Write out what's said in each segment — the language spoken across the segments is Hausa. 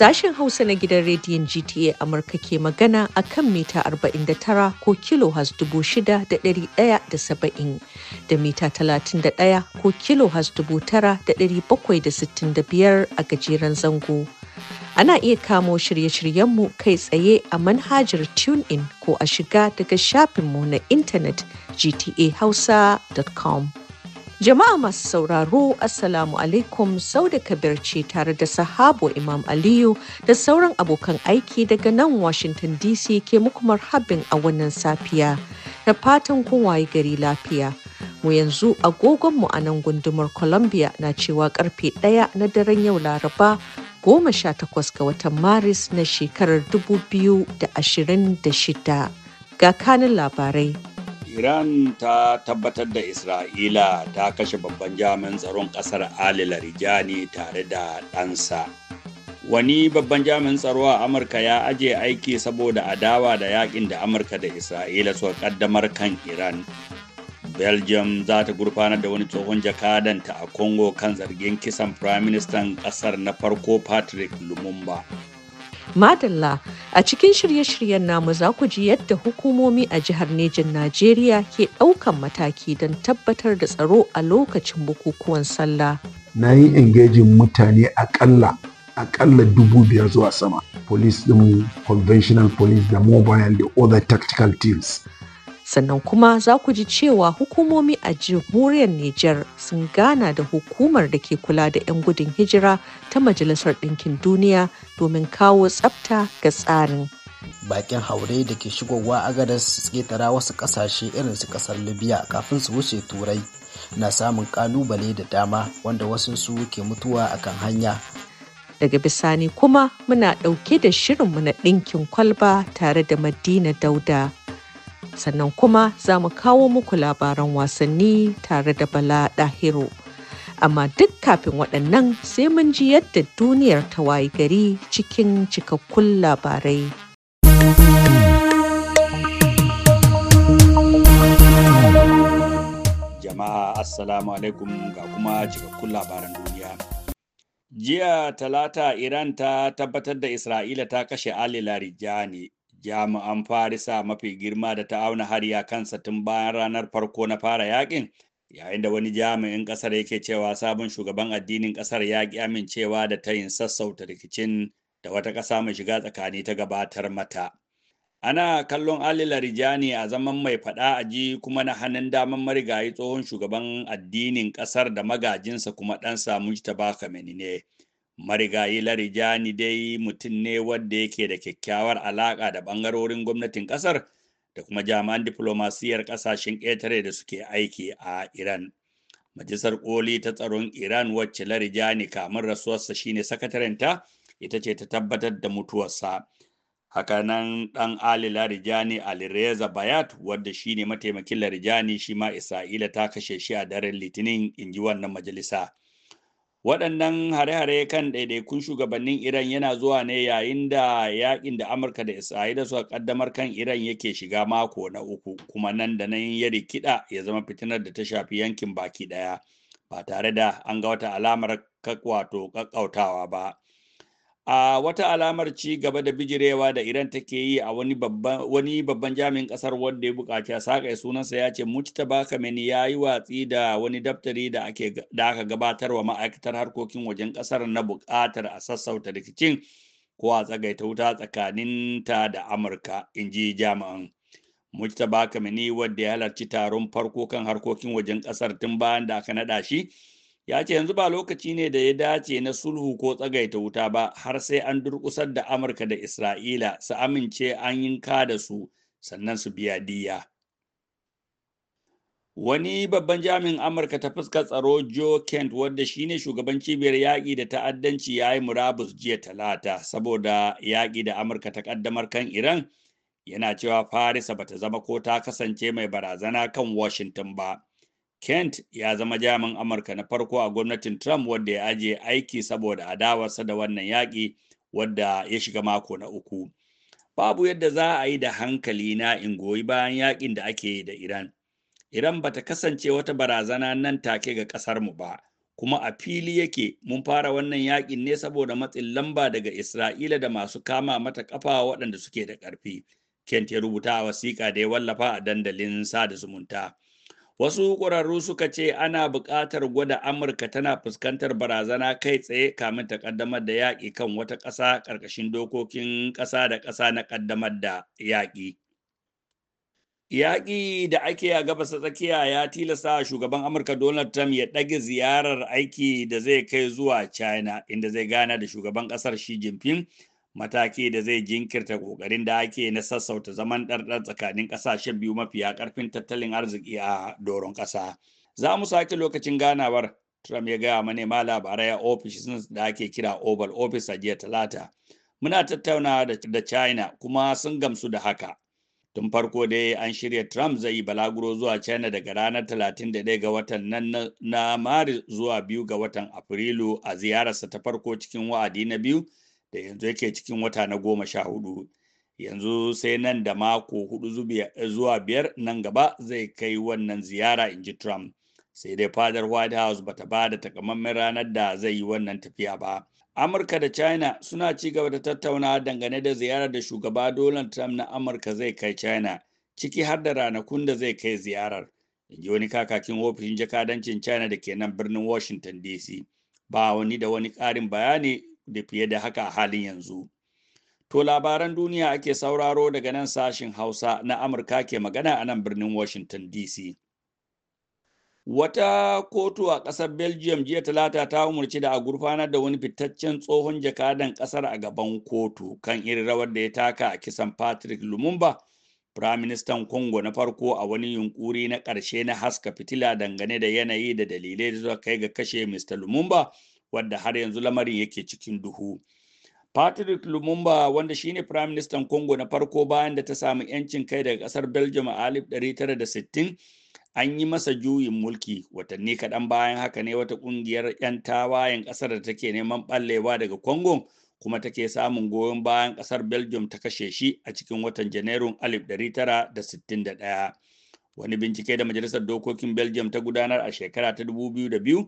Sashen Hausa na gidan rediyon GTA Amurka ke magana a kan mita 49 ko kilohas 6,170 da mita 31 ko kilohas biyar a gajeren zango. Ana iya kamo shirye-shiryenmu kai tsaye a manhajar TuneIn ko a shiga daga shafinmu na intanet gtahausa.com. Jama'a masu sauraro, Assalamu alaikum sau da kabir ce tare da sahabo Imam Aliyu da sauran abokan aiki daga nan Washington DC ke muku marhabin a wannan safiya. Da fatan kun waye gari lafiya. Mu yanzu agogonmu a nan gundumar Columbia na cewa karfe ɗaya na daren yau Laraba goma sha takwas ga watan Maris na shekarar dubu biyu da ashirin da shida, Ga kanin labarai. Iran ta tabbatar da Isra'ila ta kashe babban jami'in tsaron ƙasar Ali Larijani tare da ɗansa. Wani babban jami'in tsaro a Amurka ya aje aiki saboda adawa da yakin da Amurka da Isra'ila suka ƙaddamar kan Iran. Belgium za ta gurfanar da wani tsohon jakadanta a Congo kan zargin kisan Firaministan ƙasar na farko Patrick Lumumba. Madalla a cikin shirye-shiryen namu za ku ji yadda hukumomi a jihar Nejin Najeriya ke ɗaukan mataki don tabbatar da tsaro a lokacin bukukuwan sallah. Na yi engejin mutane akalla akalla dubu biyar zuwa sama. Police ɗin conventional police da mobile da other tactical teams sannan kuma za ku ji cewa hukumomi a jamhuriyar Nijar sun gana da hukumar da ke kula da 'yan gudun hijira ta Majalisar Ɗinkin Duniya domin kawo tsafta ga tsarin. Bakin haure da ke shigowa agadas su tsetara wasu ƙasashe irin su ƙasar Libya kafin su wuce Turai na samun ƙalubale da dama wanda wasu su ke mutuwa a kan hanya. Daga bisani kuma muna ɗauke da shirinmu na ɗinkin kwalba tare da Madina Dauda. sannan kuma za mu kawo muku labaran wasanni tare da Bala Ɗahiru. Amma duk kafin waɗannan sai mun ji yadda duniyar ta wayi gari cikin cikakkun labarai. Jama'a Assalamu alaikum ga kuma cikakkun labaran duniya. Jiya Talata Iran ta tabbatar da Isra'ila ta kashe Ali Larijani jami'an farisa mafi girma da ta auna harya ya kansa tun bayan ranar farko na fara yakin yayin da wani jami'in kasar yake cewa sabon shugaban addinin kasar ya ki amincewa da ta tayin sassauta rikicin da wata ƙasa mai shiga tsakani ta gabatar mata ana kallon ali larijani a zaman mai faɗa a ji kuma na hannun daman marigayi tsohon shugaban addinin ƙasar da magajinsa kuma ɗansa mujtaba kameni ne marigayi larijani dai mutum ne wanda yake da kyakkyawar alaƙa da ɓangarorin gwamnatin ƙasar da kuma jami'an diflomasiyar ƙasashen ƙetare da suke aiki a iran majalisar koli ta tsaron iran wacce larijani kamar rasuwarsa shine sakatarenta ita ce ta tabbatar da mutuwarsa hakanan ɗan ali larijani alireza bayat wadda shine mataimakin larijani shi ma isra'ila ta kashe shi a daren litinin inji wannan majalisa waɗannan hare-hare kan ɗaiɗaikun shugabannin iran yana zuwa ne yayin da yakin da amurka da isra'ila suka ƙaddamar kan iran yake shiga mako na uku kuma nan da nan ya rikida ya zama fitinar da ta shafi yankin baki ɗaya ba tare da an ga wata alamar wato kakkautawa ba a wata alamar ci gaba da bijirewa da Iran take yi a wani babban wani babban jami'in kasar wanda ya bukaci a saka sunansa ya ce baka kameni ya yi watsi da wani daftari da ake da aka gabatar wa ma'aikatar harkokin wajen kasar na bukatar a sassauta rikicin ko a tsagaita wuta tsakaninta da Amurka in ji jami'an baka Khamenei wanda ya halarci taron farko kan harkokin wajen kasar tun bayan da aka naɗa shi ya ce yanzu ba lokaci ne da ya dace na sulhu ko tsagaita wuta ba har sai an durkusar da amurka da isra'ila su amince an yinka da su sannan su biya diya wani babban jami'in amurka ta fuskar tsaro joe kent wadda shine shugaban cibiyar yaƙi da ta'addanci ya yi murabus jiya talata saboda yaƙi da amurka ta ƙaddamar kan iran yana cewa farisa bata zama ko ta kasance mai barazana kan washington ba Kent ya zama jami'in Amurka na farko a gwamnatin Trump wadda ya ajiye aiki saboda adawarsa da wannan yaƙi wadda ya shiga mako na uku. Babu yadda za a yi da hankali na in goyi bayan yaƙin da ake yi da Iran. Iran ba ta kasance wata barazana nan take ga ƙasarmu ba, kuma a fili yake mun fara wannan yaƙin ne saboda matsin lamba daga Isra'ila da masu kama mata ƙafa waɗanda suke da ƙarfi. Kent ya rubuta a wasiƙa da ya wallafa a dandalin sada zumunta. Wasu ƙwararru suka ce ana buƙatar gwada Amurka tana fuskantar barazana kai tsaye kamin ta ƙaddamar da yaƙi kan wata ƙasa ƙarƙashin dokokin ƙasa da ƙasa na ƙaddamar da yaƙi. Yaƙi da ake a gabas tsakiya ya tilasta shugaban Amurka Donald Trump ya ɗage ziyarar aiki da zai kai zuwa China inda zai gana da shugaban ƙasar Xi Jinping mataki da zai jinkirta kokarin da ake na sassauta zaman ɗarɗar tsakanin ƙasashen biyu mafiya ƙarfin tattalin arziki a doron ƙasa. Za mu sake lokacin ganawar Trump ya gaya ma labarai a ofishin da ake kira Oval Office a jiya Talata. Muna tattaunawa da China kuma sun gamsu da haka. Tun farko dai an shirya Trump zai yi balaguro zuwa China daga ranar 31 ga watan nan na Maris zuwa biyu ga watan Afrilu a ziyararsa ta farko cikin wa'adi na biyu da yanzu yake cikin wata na goma sha hudu yanzu sai nan da mako hudu zuwa biyar nan gaba zai kai wannan ziyara in ji trump sai dai fadar white house bata ba da takamaiman ranar da zai yi wannan tafiya ba amurka da china suna ci gaba da tattaunawa dangane da ziyarar da shugaba donald trump na amurka zai kai china ciki har da ranakun da zai kai ziyarar inji wani kakakin ofishin jakadancin china da ke nan birnin washington dc ba wani da wani karin bayani da fiye da haka a halin yanzu. To labaran duniya ake sauraro daga nan sashin Hausa na Amurka ke magana a nan birnin Washington DC. Wata kotu a ƙasar Belgium jiya talata ta umarci da a gurfanar da wani fitaccen tsohon jakadan ƙasar a gaban kotu kan irin rawar da ya taka a kisan Patrick Lumumba, Firaministan Congo na farko a wani yunkuri na ƙarshe na haska fitila dangane da yanayi da dalilai da kai ga kashe Mr. Lumumba. wadda har yanzu lamarin yake cikin duhu Patrick Lumumba wanda shine Prime Minister Congo na farko bayan da ta samu 'yancin kai daga kasar Belgium a 1960 an yi masa juyin mulki watanni kaɗan bayan haka ne wata ƙungiyar 'yan tawayen ƙasar da take neman ɓallewa daga Congo kuma take samun goyon bayan ƙasar Belgium ta kashe shi a cikin watan Janairun 1961. Wani bincike da Majalisar Dokokin Belgium ta gudanar a shekara ta 2002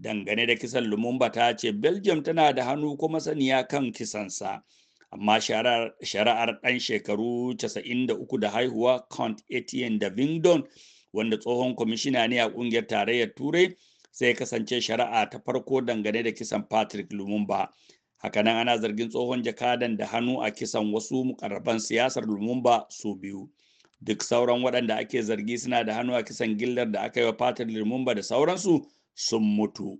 dangane da kisan lumumba ta ce belgium tana da hannu kuma saniya kan kisansa amma shari'ar ɗan shekaru 93 da haihuwa count etienne da vingdon wanda tsohon kwamishina ne a ƙungiyar tarayyar turai sai kasance shari'a ta farko dangane da kisan patrick lumumba hakanan ana zargin tsohon jakadan da hannu a kisan wasu mukarraban siyasar lumumba su biyu duk sauran waɗanda ake zargi suna da hannu a kisan gillar da aka yi wa patrick lumumba da sauransu sun mutu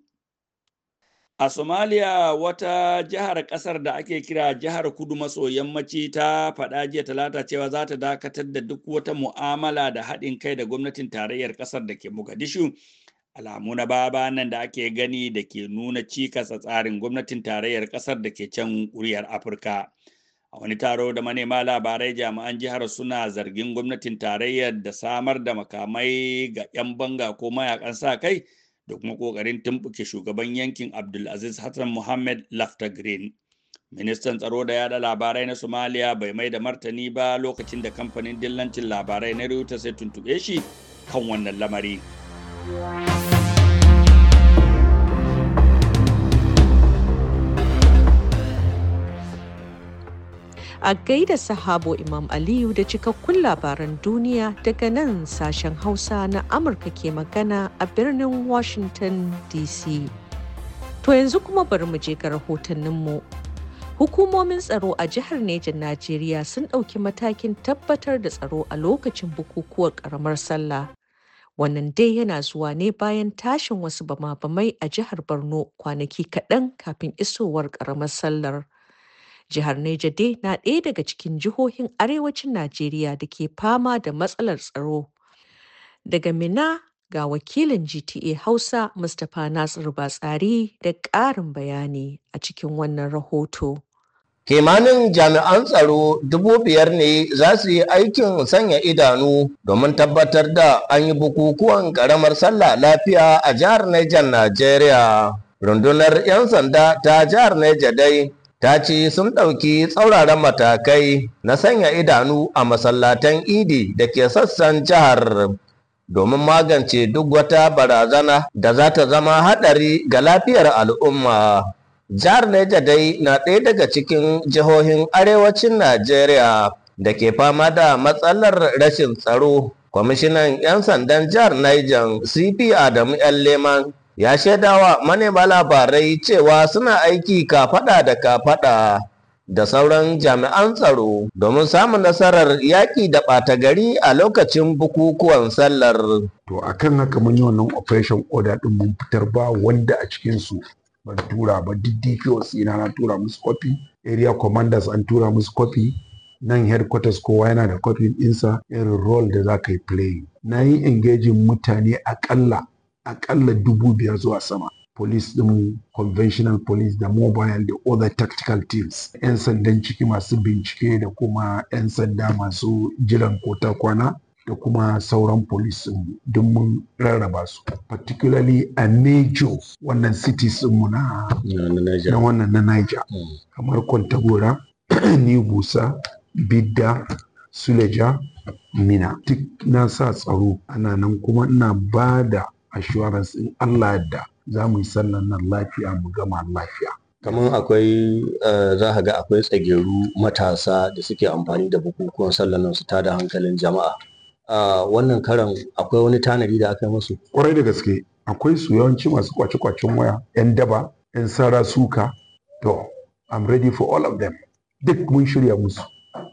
a Somalia, wata jihar kasar da ake kira jihar kudu maso yammaci ta faɗa jiya talata cewa za ta dakatar da duk wata mu'amala da haɗin kai da gwamnatin tarayyar kasar da ke mogadishu alamu na baba nan da ake gani da ke nuna cikasa tsarin gwamnatin tarayyar kasar da ke can kuriyar afirka a wani taro da manema labarai jami'an jihar suna zargin gwamnatin tarayyar da samar da makamai ga 'yan banga ko mayakan sa kai da kuma ƙoƙarin tumɓuke shugaban yankin Abdulaziz Hassan Mohammed Lafta Green. Ministan tsaro da yada labarai na Somalia bai mai da martani ba lokacin da kamfanin dillancin labarai na Reuters ya tuntuɓe shi kan wannan lamari. a gaida sahabo Imam Aliyu da cikakkun labaran duniya daga nan sashen Hausa na Amurka ke magana a birnin Washington DC. To yanzu kuma bari mu je ga rahotanninmu. Hukumomin tsaro a jihar Nejan Najeriya sun ɗauki matakin tabbatar da tsaro a lokacin bukukuwar ƙaramar sallah. Wannan dai yana zuwa ne bayan tashin wasu bama-bamai a jihar Borno kwanaki kaɗan kafin isowar ƙaramar sallar. Jihar Niger dai na ɗaya daga cikin jihohin arewacin Najeriya da ke fama da matsalar tsaro. Daga Mina ga wakilin GTA Hausa Mustapha Nasir Batsari da ƙarin bayani a cikin wannan rahoto. kimanin jami'an tsaro dubu biyar ne za su yi aikin sanya idanu domin tabbatar da an yi bukukuwan ƙaramar sallah lafiya a jihar Niger Najeriya. Rundunar 'yan sanda ta jihar Niger dai ta ce sun ɗauki tsauraran matakai na sanya idanu a masallatan idi da ke sassan jihar domin magance duk wata barazana da za ta zama haɗari ga lafiyar al'umma. Jihar Neja dai na ɗaya daga cikin jihohin arewacin Najeriya da ke fama da matsalar rashin tsaro. Kwamishinan 'yan sandan jihar Niger CP Adamu 'yan Leman ya shaidawa manema labarai cewa suna aiki kafada da kafada da sauran jami'an tsaro domin samun nasarar yaƙi da ɓata gari a lokacin bukukuwan sallar. To a kan haka mun yi wannan operation order ɗin mun fitar ba wanda a cikinsu ban tura ba duk ina na tura musu kwafi, area commanders an tura musu kwafi, nan headquarters kowa yana da kwafin ɗinsa irin role da za ka yi playing. Na yi engaging mutane akalla akalla dubu biyar zuwa sama police din conventional police da mobile da other tactical teams 'yan sandan ciki masu bincike da kuma 'yan sanda masu jiran kota kwana da kuma sauran police din mun rarraba su particularly a major wannan cities mu na wannan na niger mm. kamar kwantagora Ni busa bidda suleja mina duk na sa tsaro ana nan kuma ina ba da assurance in Allah yadda za mu yi sannan nan lafiya mu gama lafiya. kamar akwai eh, za ka ga akwai tsageru matasa da suke amfani da bukukuwan sallan nan su da hankalin jama'a wannan karan akwai wani tanadi da aka yi musu kwarai da gaske akwai su yawanci masu kwace-kwacen waya yan daba yan sara suka to i'm ready for all of them duk mun shirya musu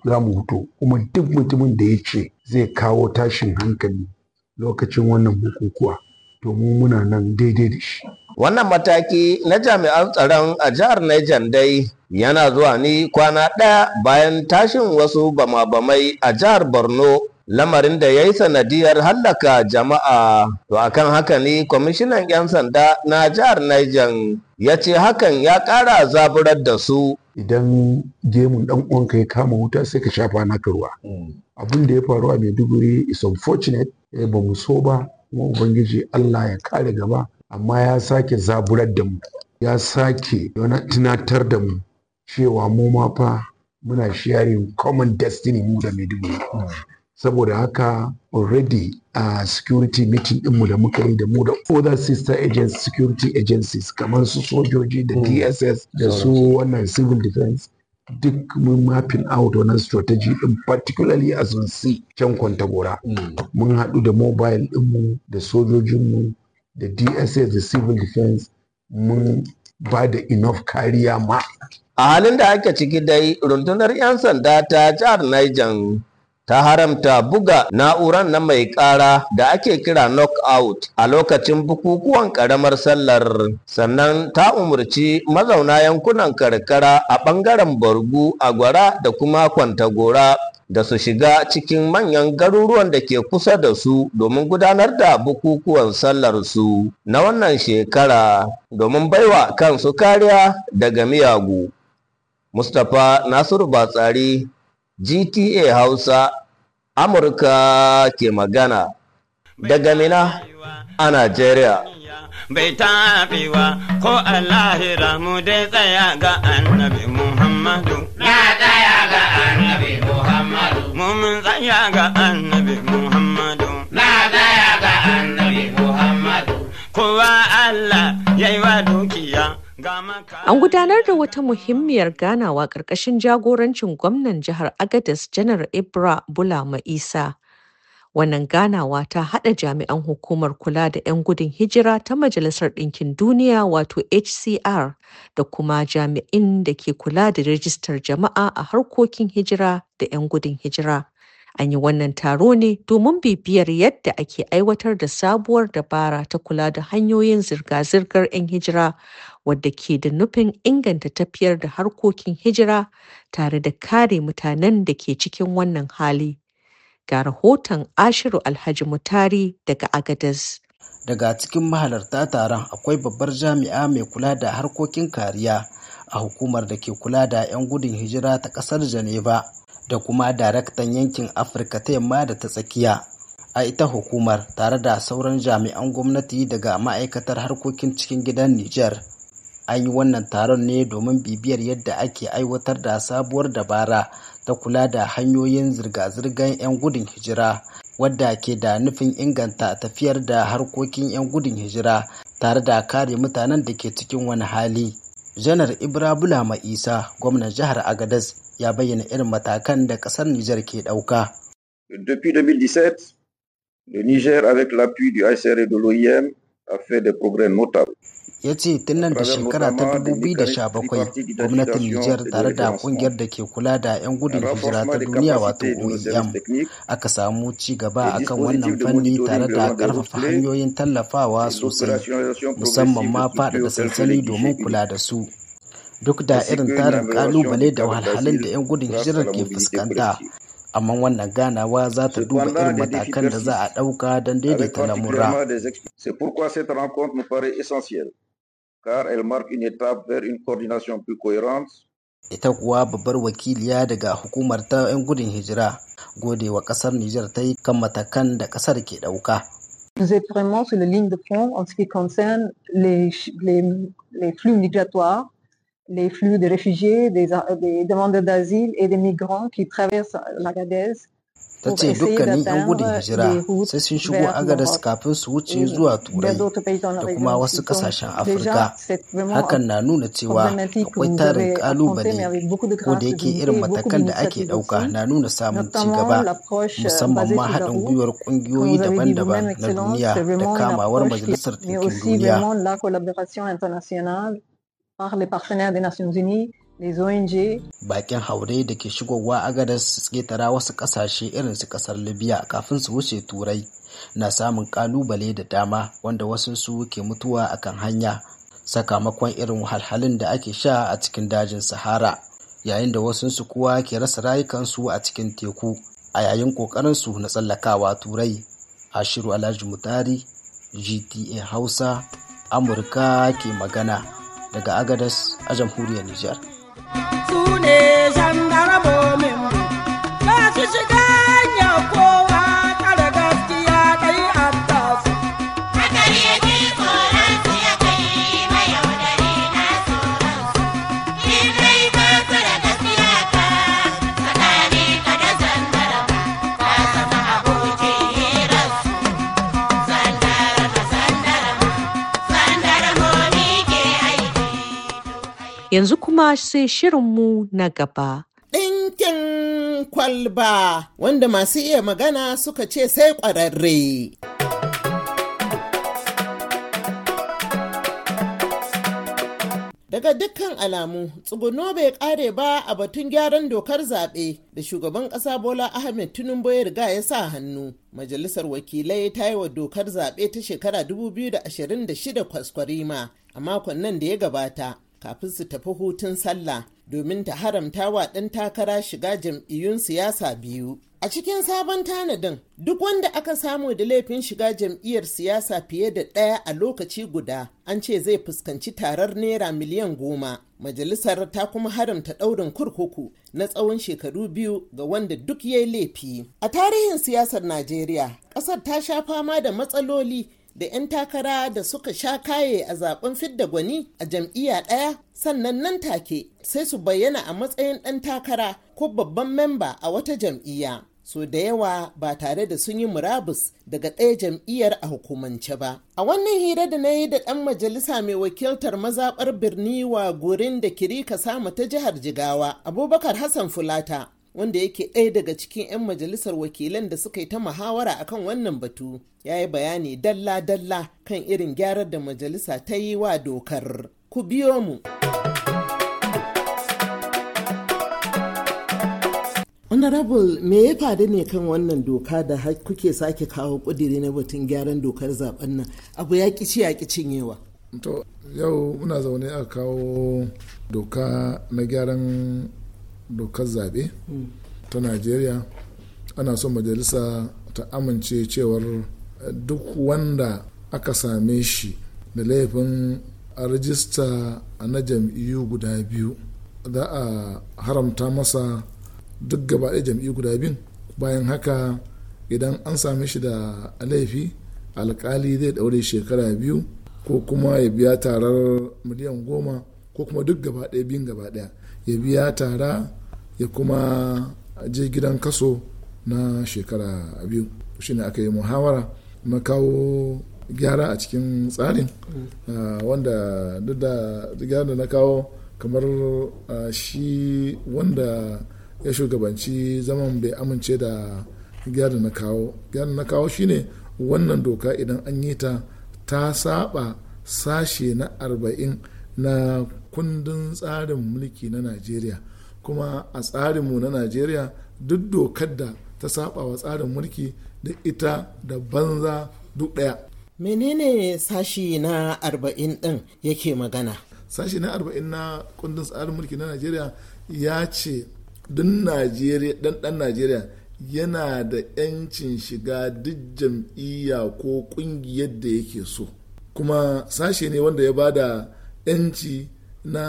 za mu hutu kuma duk mutumin da ya ce zai kawo tashin hankali lokacin wannan bukukuwa Domin muna nan daidai da shi wannan mataki na jami'an tsaron a jihar Niger dai yana zuwa ne kwana ɗaya bayan tashin wasu bama-bamai a jihar Borno lamarin da ya yi sanadiyar hallaka jama'a to akan haka ne kwamishinan 'yan sanda na jihar Niger ya ce hakan ya ƙara zaburar da su idan gemun ɗan uwanka ya kama wuta sai ka shafa na ruwa mm. abin da ya faru a maiduguri is unfortunate eh, ba mu so ba kuma ubangiji Allah ya kare gaba amma ya sake zaburar da mu ya sake tunatar da mu cewa mu ma fa muna sharing common destiny mu da Maiduguri saboda haka already a uh, security meeting mu da muka yi da mu da other sister agencies security agencies kamar su sojoji da mm. dss da su wannan civil defense duk mun mafin out wannan strategy din particularly a we si can kwanta gora hmm. mun haɗu da mobile ɗinmu da sojojinmu da dsa da civil defense mun ba da enough kariya ma a halin da ake ciki dai rundunar 'yan sanda ta jihar niger ta haramta buga na'uran na mai ƙara da ake kira knockout a lokacin bukukuwan ƙaramar sallar sannan ta umarci mazauna yankunan karkara a ɓangaren bargu agwara da kuma kwantagora da su shiga cikin manyan garuruwan da ke kusa da su domin gudanar da bukukuwan sallar su na wannan shekara domin baiwa kansu kariya daga miyagu mustapha nasiru batsari GTA Hausa Amurka ke magana daga Mina a Najeriya. Bai tafiwa ko Allah mu dai tsaya ga annabi Muhammadu. Na tsaya ga annabi Muhammadu. Mun tsaya ga annabi Muhammadu. Na tsaya ga annabi Muhammadu. Kowa Allah ya yi wa dukiya. An gudanar da wata muhimmiyar ganawa ƙarƙashin jagorancin gwamnan jihar Agadez Janar Ibra Bula Isa. Wannan ganawa ta haɗa jami'an hukumar kula da 'yan gudun hijira ta Majalisar Ɗinkin Duniya wato HCR da kuma jami'in da ke kula da rijistar jama'a a harkokin hijira da 'yan gudun hijira. An yi wannan taro ne domin bibiyar yadda ake aiwatar da sabuwar dabara ta kula da hanyoyin zirga-zirgar 'yan hijira wadda ke da nufin inganta tafiyar da harkokin hijira tare da kare mutanen da ke cikin wannan hali. Ga rahoton Ashiru Alhaji Mutari daga Agadez. Daga cikin mahalarta taron akwai babbar jami'a mai kula da harkokin kariya a hukumar da ke kula da 'yan gudun hijira ta ƙasar Geneva. da kuma daraktan yankin afirka ta yamma da ta tsakiya a ita hukumar tare da sauran jami'an gwamnati daga ma'aikatar harkokin cikin gidan nijar an yi wannan taron ne domin bibiyar yadda ake aiwatar da sabuwar dabara ta kula da hanyoyin zirga-zirgar 'yan gudun hijira wadda ke da nufin inganta tafiyar da harkokin 'yan gudun hijira tare da kare mutanen da ke cikin wani hali janar ibra bulama isa gwamnan jihar agadas ya bayyana irin matakan da ƙasar Nijar ke ɗauka. le Niger avec l'appui du ya ce tun nan da shekara ta 2017 gwamnatin Nijar tare da kungiyar da ke kula da 'yan gudun hijira ta duniya wato OEM aka samu ci gaba a kan wannan fanni tare da karfafa hanyoyin tallafawa sosai musamman ma faɗaɗa sansani domin kula da su. duk da irin tarin kalubale da wahalhalun da 'yan gudun hijirar ke fuskanta amma wannan ganawa za ta duba irin matakan da za a ɗauka don daidaita lamura. Ita kuwa babbar wakiliya daga hukumar ta 'yan gudun hijira gode wa ƙasar Nijar ta yi kan matakan da ƙasar ke ɗauka. Nous êtes vraiment sur la ligne de front en ce qui concerne les, les, les flux migratoires les flux de réfugiés, des, des demandeurs d'asile et des migrants qui traversent la ta ce dukkanin 'yan gudun hijira sai sun shigo agadas kafin su wuce zuwa turai da kuma wasu kasashen afirka hakan na nuna cewa akwai tarin kalubale ko da yake irin matakan da ake dauka na nuna samun ci gaba musamman ma haɗin gwiwar ƙungiyoyi daban-daban na duniya da kamawar majalisar ɗinkin duniya par les partenaires des Nations Unies les ONG. Bakin haure da ke shigowa gadar su tsetara wasu kasashe irin su kasar Libya kafin su wuce Turai na samun kalubale da dama wanda wasu su ke mutuwa akan hanya sakamakon irin wahalhalun da ake sha a cikin dajin Sahara yayin da wasu su kuwa ke rasa rayukansu a cikin teku a yayin kokarin su na tsallakawa Turai. Ashiru Alhaji Mutari, GTA Hausa, Amurka ke magana. daga agadas a jamhuriyar nijar su ne zangarabo min ba su shiga kowa Yanzu kuma sai shirinmu na gaba. Ɗinkin kwalba wanda masu iya magana suka ce sai ƙwararre. Daga dukkan alamu, tsuguno bai kare ba a batun gyaran dokar zaɓe da shugaban ƙasa Bola Ahmed Tinubu ya riga ya sa hannu. Majalisar wakilai ta yi wa dokar zaɓe ta shekara 2026 kwaskwarima a makon nan da ya gabata. kafin su tafi hutun sallah domin ta haramta wa ɗan takara shiga jam'iyyun siyasa biyu. A cikin sabon tanadin duk wanda aka samu da laifin shiga jam'iyyar siyasa fiye da ɗaya a lokaci guda an ce zai fuskanci tarar naira miliyan goma. Majalisar ta kuma haramta ɗaurin kurkuku na tsawon shekaru biyu ga wanda duk ya yi laifi. A tarihin siyasar Najeriya, ƙasar ta sha fama da matsaloli da 'yan takara da suka sha kaye a zaben fidda gwani a jam'iyya ɗaya sannan nan take sai su bayyana a matsayin ɗan takara ko babban memba a wata jam'iyya so da yawa ba tare da sun yi murabus daga ɗaya jam'iyyar a hukumance ba. A wannan hira da na yi da ɗan majalisa mai wakiltar mazaɓar birni wa gurin da kirika sama ta jihar Jigawa, Abubakar Hassan Fulata, wanda yake ɗaya daga cikin 'yan majalisar wakilan da suka yi ta muhawara akan wannan batu ya yi bayani dalla-dalla kan irin gyarar da majalisa ta yi wa dokar ku biyo mu honorable me ya faru ne kan wannan doka da kuke sake kawo kudiri na batun gyaran dokar zaben nan abu ya ci ya cinyewa to yau muna zaune a kawo doka na gyaran dokar zaɓe hmm. ta najeriya ana son majalisa ta amince cewar eh, duk wanda aka same shi da laifin a rajista na jam'iyyu guda biyu za a haramta masa duk gaba ɗaya jam'iyyu guda biyun bayan haka idan an same shi da laifi alkali zai ɗaure shekara biyu ko kuma ya biya tarar miliyan goma ko kuma duk gaba ɗaya biyun gaba ɗaya ya biya tara ya kuma je gidan kaso na shekara biyu shine aka yi muhawara na kawo gyara a cikin tsarin mm. ah, wanda duk da gyara da na kawo kamar ah, shi wanda ya shugabanci zaman bai amince da gyara da na kawo gyara na kawo shine wannan doka idan an yi ta ta saba sashe na arba'in na kundin tsarin mulki na najeriya kuma a tsarinmu na najeriya duk dokar da ta saba wa tsarin mulki da ita da banza duk ɗaya menene sashi na arba'in ɗin yake magana sashi na arba'in na kundin tsarin mulki na najeriya ya ce dan ɗan najeriya yana da 'yancin shiga duk jam'iyya ko ƙungiyar da yake so kuma sashe ne wanda ya bada 'yanci na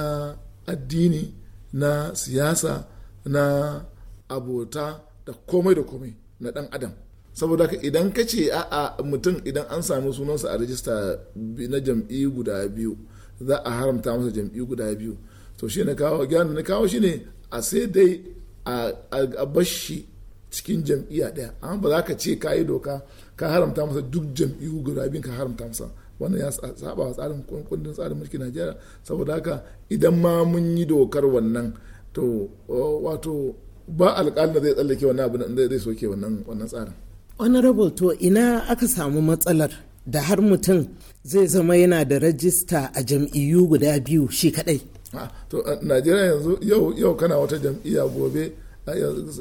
addini na siyasa na abota da komai da komai na dan adam saboda ka idan ka ce a mutum idan an sami sunansa a rajista na jam'i guda biyu za a haramta masa jam'i guda biyu to shi na kawo gyanu na kawo shi ne a sai dai a bashi cikin jam'iya ɗaya amma ba za ka ce ka yi doka ka haramta masa duk jam'i guda biyu ka haramta masa wannan ya saba wa tsarin kundin tsarin mulkin najeriya saboda haka idan ma mun yi dokar wannan to wato ba alƙalin da zai tsallake wannan abin da zai soke wannan tsarin honorable to ina aka samu matsalar da har mutum zai zama yana da rajista a jam'iyyu guda biyu shi kadai to najeriya yanzu yau yau kana wata jam'iyya gobe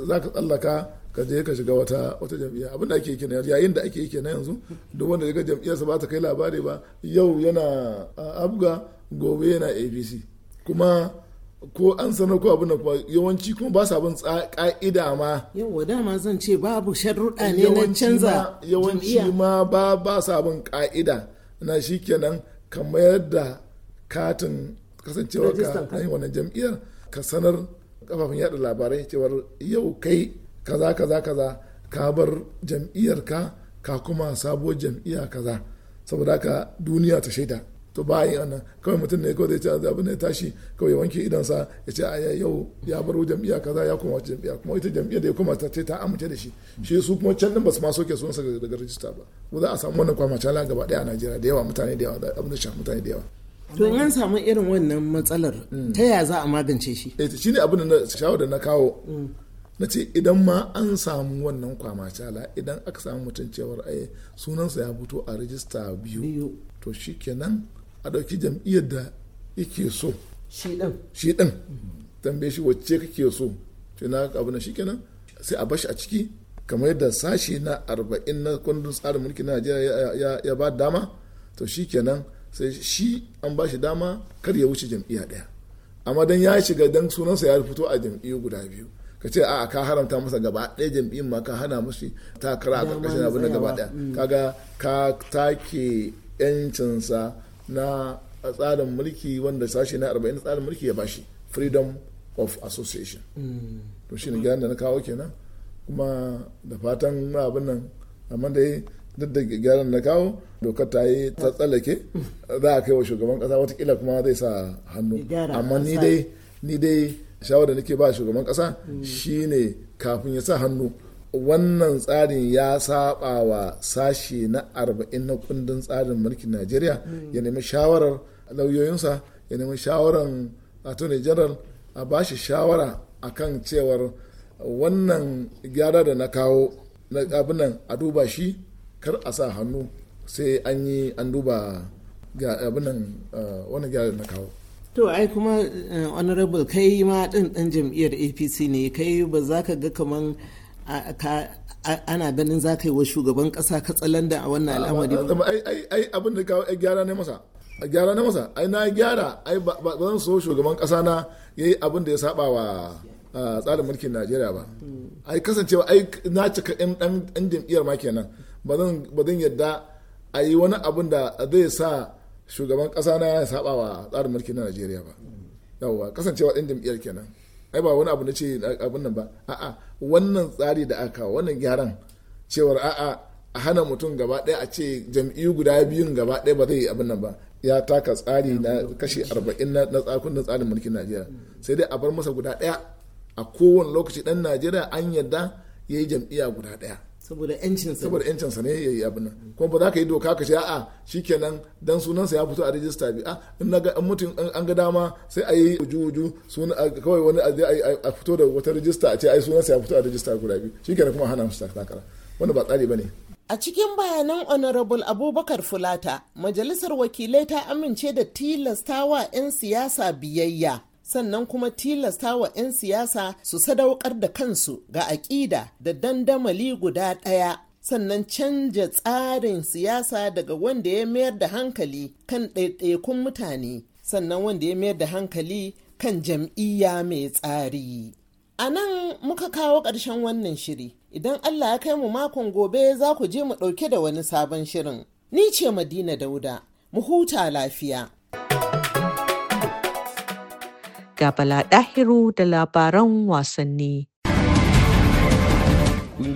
za ka tsallaka ka je ka shiga wata wata jam'iyya abin da ake yi kenan yayin da ake yi kenan yanzu duk wanda ga jam'iyyarsa ba ta kai labari ba yau yana abga gobe yana abc kuma ko an sanar ko abin da kuma yawanci kuma ba sa bin ka'ida ma yawa dama zan ce babu sharruɗa ne na canza yawanci ma ba ba sa bin ka'ida na shi kenan ka mayar da katin kasancewa ka na wannan jam'iyyar ka sanar kafafen yada labarai cewar yau kai kaza kaza kaza ka bar jam'iyyar ka ka kuma sabuwar jam'iyya kaza saboda ka duniya ta shaida to ba yi anan kawai mutum ne kawai ce abin da ya tashi kawai ya wanke idansa ya ce a yau ya baro jam'iyya kaza ya kuma wata jam'iyya kuma ita jam'iyya da ya kuma ta ce ta amince da shi shi su kuma can din ba su ma soke sa daga rajista ba ko za a samu wannan kwamacala gaba daya a najeriya da yawa mutane da yawa da abin da shafi mutane da yawa to in an samu irin wannan matsalar mm. ta yaya za a magance shi eh, shi ne abin da na da na kawo mm. na ce idan ma an samu wannan cala idan aka samu mutum cewar ai sunansa ya fito a rijista biyu to shi kenan a ɗauki jam'iyyar da yake so shi ɗin tambaye shi wacce kake so ce na abu na shi kenan sai a bashi a ciki kamar yadda sashi na arba'in na kundin tsarin mulki na najeriya ya ba dama to shi kenan sai shi an ba shi dama kar ya wuce jam'iyya ɗaya amma dan ya shiga dan sunansa ya fito a jam'iyyu guda biyu ka ce a ka haramta masa gaba ɗaya jam'iyyar ma ka hana musu takara a ƙarƙashin abin da gaba ɗaya mm. kaga ka take yancinsa na tsarin mulki wanda sashi na 40 tsarin mulki ya bashi freedom of association mm. to shi ne gyaran da na kawo kenan kuma da fatan abin nan amma dai duk da gyaran na kawo dokar ta yi ta tsallake za a kai wa shugaban kasa watakila kuma zai sa hannu amma ni dai ni dai shawar da nake ba shugaban kasa hmm. shine kafin ya sa hannu wannan tsarin ya saba wa sashi na arba'in na kundin tsarin mulkin najeriya hmm. ya nemi shawarar lauyoyinsa ya nemi shawarar attorney general a ba shi shawara akan cewar wannan gyara da na kawo na abinan a duba shi kar a sa hannu sai an yi an duba abinan eh, wani gyara da na kawo to ai kuma eh, honorable kai ma ɗin ɗan jam'iyyar apc ne kai ba za ka ga kaman ana ganin za ka yi wa shugaban ƙasa da a wannan al'amari ba ai abin da kawo gyara ne masa a gyara na masa ai na gyara ai ba zan so shugaban kasa na yayi abin da ya saba wa tsarin mulkin Najeriya ba hmm. ai kasancewa ai na cika ɗan ɗan jam'iyyar ma kenan ba zan yadda a yi wani abin da zai sa shugaban kasa na ya saba wa tsarin mulki na Najeriya ba yawwa kasancewa ɗan jam'iyyar kenan ai ba wani abu na ce abin nan ba a'a wannan tsari da aka wannan gyaran cewar a'a a hana mutum gaba ɗaya a ce jam'iyyu guda biyun gaba ɗaya ba zai yi abin nan ba ya taka tsari na kashi arba'in na tsakunin tsarin mulkin najeriya sai dai a bar masa guda ɗaya a kowane lokaci ɗan najeriya an yadda ya yi jam'iyya guda ɗaya saboda yancin sa saboda yancin sa ne ya yi abin nan kuma ba za ka yi doka ka ce a'a shikenan dan sunansa ya fito a rijista bi a in naga an mutum an ga dama sai a yi juju sun kawai wani a a fito da wata rijista a ce ai sunansa ya fito a rijista guda bi shikenan kuma hana musu takara wanda ba tsari bane A cikin bayanan Honorable Abubakar Fulata, Majalisar Wakilai ta amince da tilastawa 'yan siyasa biyayya sannan kuma tilasta wa 'yan siyasa su sadaukar da kansu ga aƙida da dandamali guda ɗaya sannan canja tsarin siyasa daga wanda ya mayar da hankali kan ɗaiɗaikun mutane sannan wanda ya mayar da hankali kan jam'iyya mai tsari a nan muka kawo ƙarshen wannan shiri idan allah ya kai mu makon gobe za ku je mu ɗauke da wani sabon shirin ni ce madina dauda mu huta lafiya ga Bala Ɗahiru da labaran wasanni.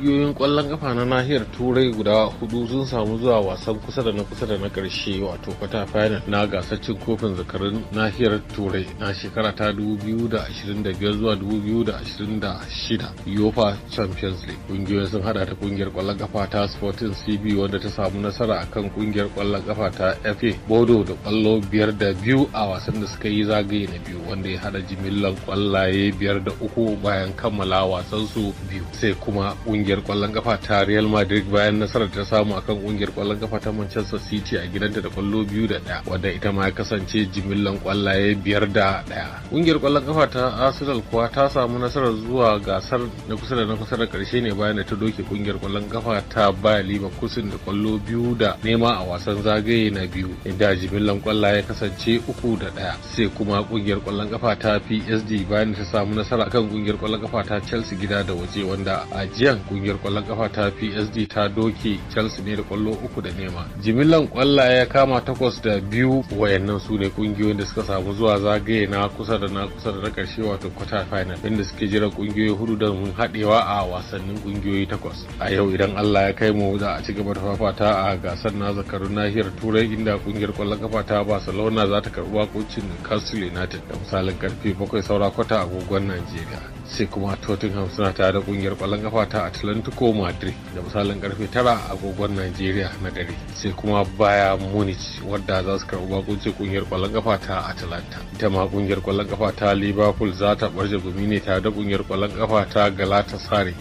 ƙungiyoyin ƙwallon kafa na nahiyar turai guda hudu sun samu zuwa wasan kusa da na kusa da na ƙarshe wato kwata final na gasar cin kofin zakarun nahiyar turai na shekara ta 2025 zuwa 2026 yofa champions league ƙungiyoyin sun hada da ƙungiyar ƙwallon kafa ta sporting cb wanda ta samu nasara a kan ƙungiyar ƙwallon kafa ta fa bodo da ƙwallo biyar da biyu a wasan da suka yi zagaye na biyu wanda ya hada jimillan ƙwallaye biyar da uku bayan kammala wasansu biyu sai kuma ƙungiyar kungiyar kwallon kafa ta Real Madrid bayan nasarar ta samu akan kungiyar kwallon kafa ta Manchester City a gidanta da kwallo biyu da ɗaya wadda ita ma ya kasance jimillan kwallaye biyar da ɗaya. Kungiyar kwallon kafa ta Arsenal kuwa ta samu nasarar zuwa gasar na kusa da na kusa da ƙarshe ne bayan da ta doke kungiyar kwallon kafa ta Bayer Leverkusen da kwallo biyu da nema a wasan zagaye na biyu inda jimillan kwallaye kasance uku da ɗaya sai kuma kungiyar kwallon kafa ta PSG bayan da ta samu nasara kan kungiyar kwallon kafa ta Chelsea gida da waje wanda a jiyan kungiyar kwallon kafa ta psd ta doke chelsea ne da kwallo uku da nema jimillan kwallo ya kama takwas da biyu wayannan su ne kungiyoyin da suka samu zuwa zagaye na kusa da na kusa da na karshe wato quarter final inda suke jira kungiyoyi hudu da mun hadewa a wasannin kungiyoyi takwas a yau idan allah ya kai mu za a ci gaba da fafata a gasar na zakarun nahiyar turai inda kungiyar kwallon kafa ta barcelona za ta karbi wakocin castle united da misalin karfe bakwai saura kwata agogon najeriya sai kuma tottenham suna tare da kungiyar kwallon kafa ta tuko Madrid da misalin karfe 9 agogon Najeriya na dare sai kuma baya Munich wadda za su karɓi bakunci kungiyar kwallon kafa ta Atalanta ita ma kungiyar kwallon kafa ta Liverpool za ta barje gumi ne tare da kungiyar kwallon kafa ta Galatasaray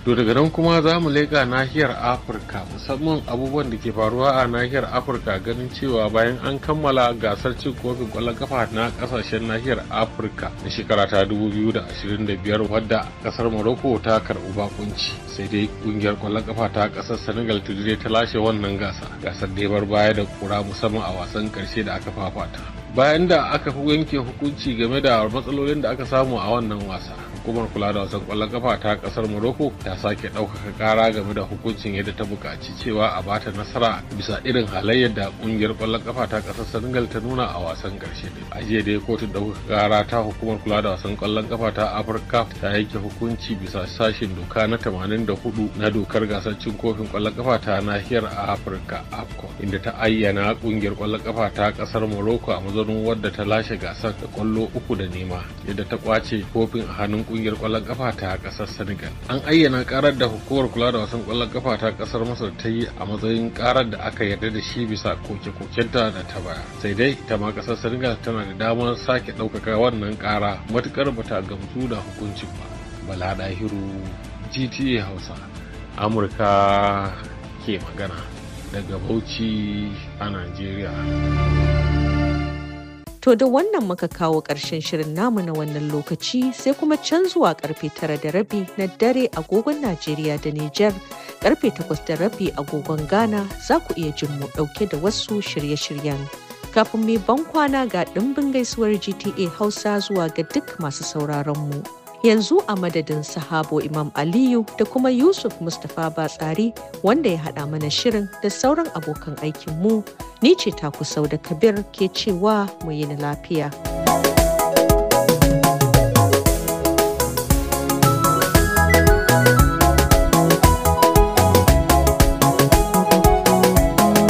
To daga nan kuma za mu leƙa nahiyar Afirka musamman abubuwan da ke faruwa a nahiyar Afirka ganin cewa bayan an kammala gasar cin kofin ƙwallon kafa na ƙasashen nahiyar Afirka na shekara ta 2025 wadda kasar Morocco ta karɓi bakunci sai dai ƙungiyar ƙwallon kafa ta kasar Senegal Tudire ta lashe wannan gasa gasar da bar baya da kura musamman a wasan karshe da aka fafata bayan da aka yanke hukunci game da matsalolin da aka samu a wannan wasa hukumar kula da wasan kwallon kafa ta kasar morocco ta sake ɗaukaka ƙara game da hukuncin yadda ta buƙaci cewa a bata nasara bisa irin halayyar da ƙungiyar kwallon kafa ta kasar senegal ta nuna a wasan ƙarshe a jiya dai kotun ɗaukaka ƙara ta hukumar kula da wasan kwallon kafa ta afirka ta yanke hukunci bisa sashin doka na 84 na dokar gasar cin kofin kwallon kafa ta nahiyar afirka afcon inda ta ayyana ƙungiyar kwallon kafa ta kasar morocco a mazarin wadda ta lashe gasar da kwallo uku da nema yadda ta kwace kofin a hannun kungiyar kwallon kafa ta kasar Senegal. An ayyana karar da hukumar kula da wasan kwallon kafa ta kasar Masar ta yi a matsayin karar da aka yarda da shi bisa koke-kokenta da ta baya. Sai dai ita ma kasar Senegal tana da damar sake ɗaukaka wannan kara matukar bata gamsu da hukuncin ba. Bala Dahiru GTA Hausa Amurka ke magana daga Bauchi a Najeriya. To da wannan muka kawo ƙarshen shirin namu na wannan lokaci sai kuma can zuwa karfe tara da rabi na dare agogon Najeriya da Nijar, karfe takwas da rabi agogon Ghana za ku iya jin mu ɗauke da wasu shirye-shiryen. Kafin mai ban kwana ga ɗimbin gaisuwar GTA Hausa zuwa ga duk masu sauraron mu. yanzu a madadin sahabo imam aliyu da kuma yusuf mustapha batsari wanda ya hada mana shirin da sauran abokan aikinmu ni ce taku sau da kabir ke cewa mu yi lafiya.